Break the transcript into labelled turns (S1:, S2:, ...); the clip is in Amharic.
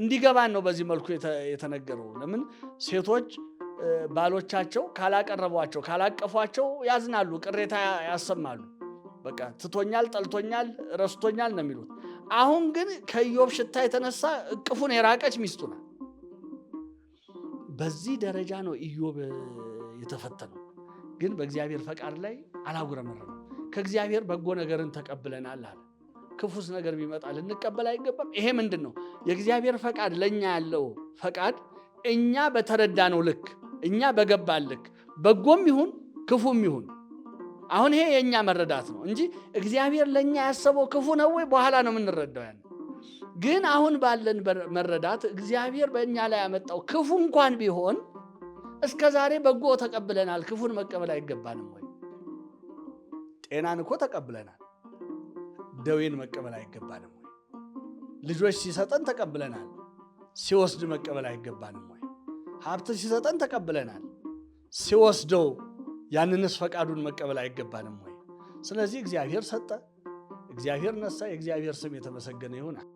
S1: እንዲገባን ነው በዚህ መልኩ የተነገረው። ለምን ሴቶች ባሎቻቸው ካላቀረቧቸው ካላቀፏቸው ያዝናሉ፣ ቅሬታ ያሰማሉ። በቃ ትቶኛል፣ ጠልቶኛል፣ ረስቶኛል ነው የሚሉት። አሁን ግን ከኢዮብ ሽታ የተነሳ እቅፉን የራቀች ሚስቱ ናት። በዚህ ደረጃ ነው ኢዮብ የተፈተነው። ግን በእግዚአብሔር ፈቃድ ላይ አላጉረመረም። ከእግዚአብሔር በጎ ነገርን ተቀብለናል አለ። ክፉስ ነገር ቢመጣ ልንቀበል አይገባም። ይሄ ምንድን ነው? የእግዚአብሔር ፈቃድ ለእኛ ያለው ፈቃድ እኛ በተረዳ ነው ልክ እኛ በገባን ልክ በጎም ይሁን ክፉም ይሁን አሁን ይሄ የእኛ መረዳት ነው እንጂ እግዚአብሔር ለእኛ ያሰበው ክፉ ነው ወይ በኋላ ነው የምንረዳው። ያን ግን አሁን ባለን መረዳት እግዚአብሔር በእኛ ላይ ያመጣው ክፉ እንኳን ቢሆን እስከ ዛሬ በጎ ተቀብለናል። ክፉን መቀበል አይገባንም ወይ?
S2: ጤናን እኮ ተቀብለናል። ደዌን መቀበል አይገባንም ወይ? ልጆች ሲሰጠን ተቀብለናል፣ ሲወስድ መቀበል አይገባንም ወይ? ሀብት ሲሰጠን ተቀብለናል፣ ሲወስደው ያንንስ ፈቃዱን መቀበል አይገባንም ወይ? ስለዚህ እግዚአብሔር ሰጠ፣ እግዚአብሔር ነሳ። የእግዚአብሔር ስም የተመሰገነ ይሆናል።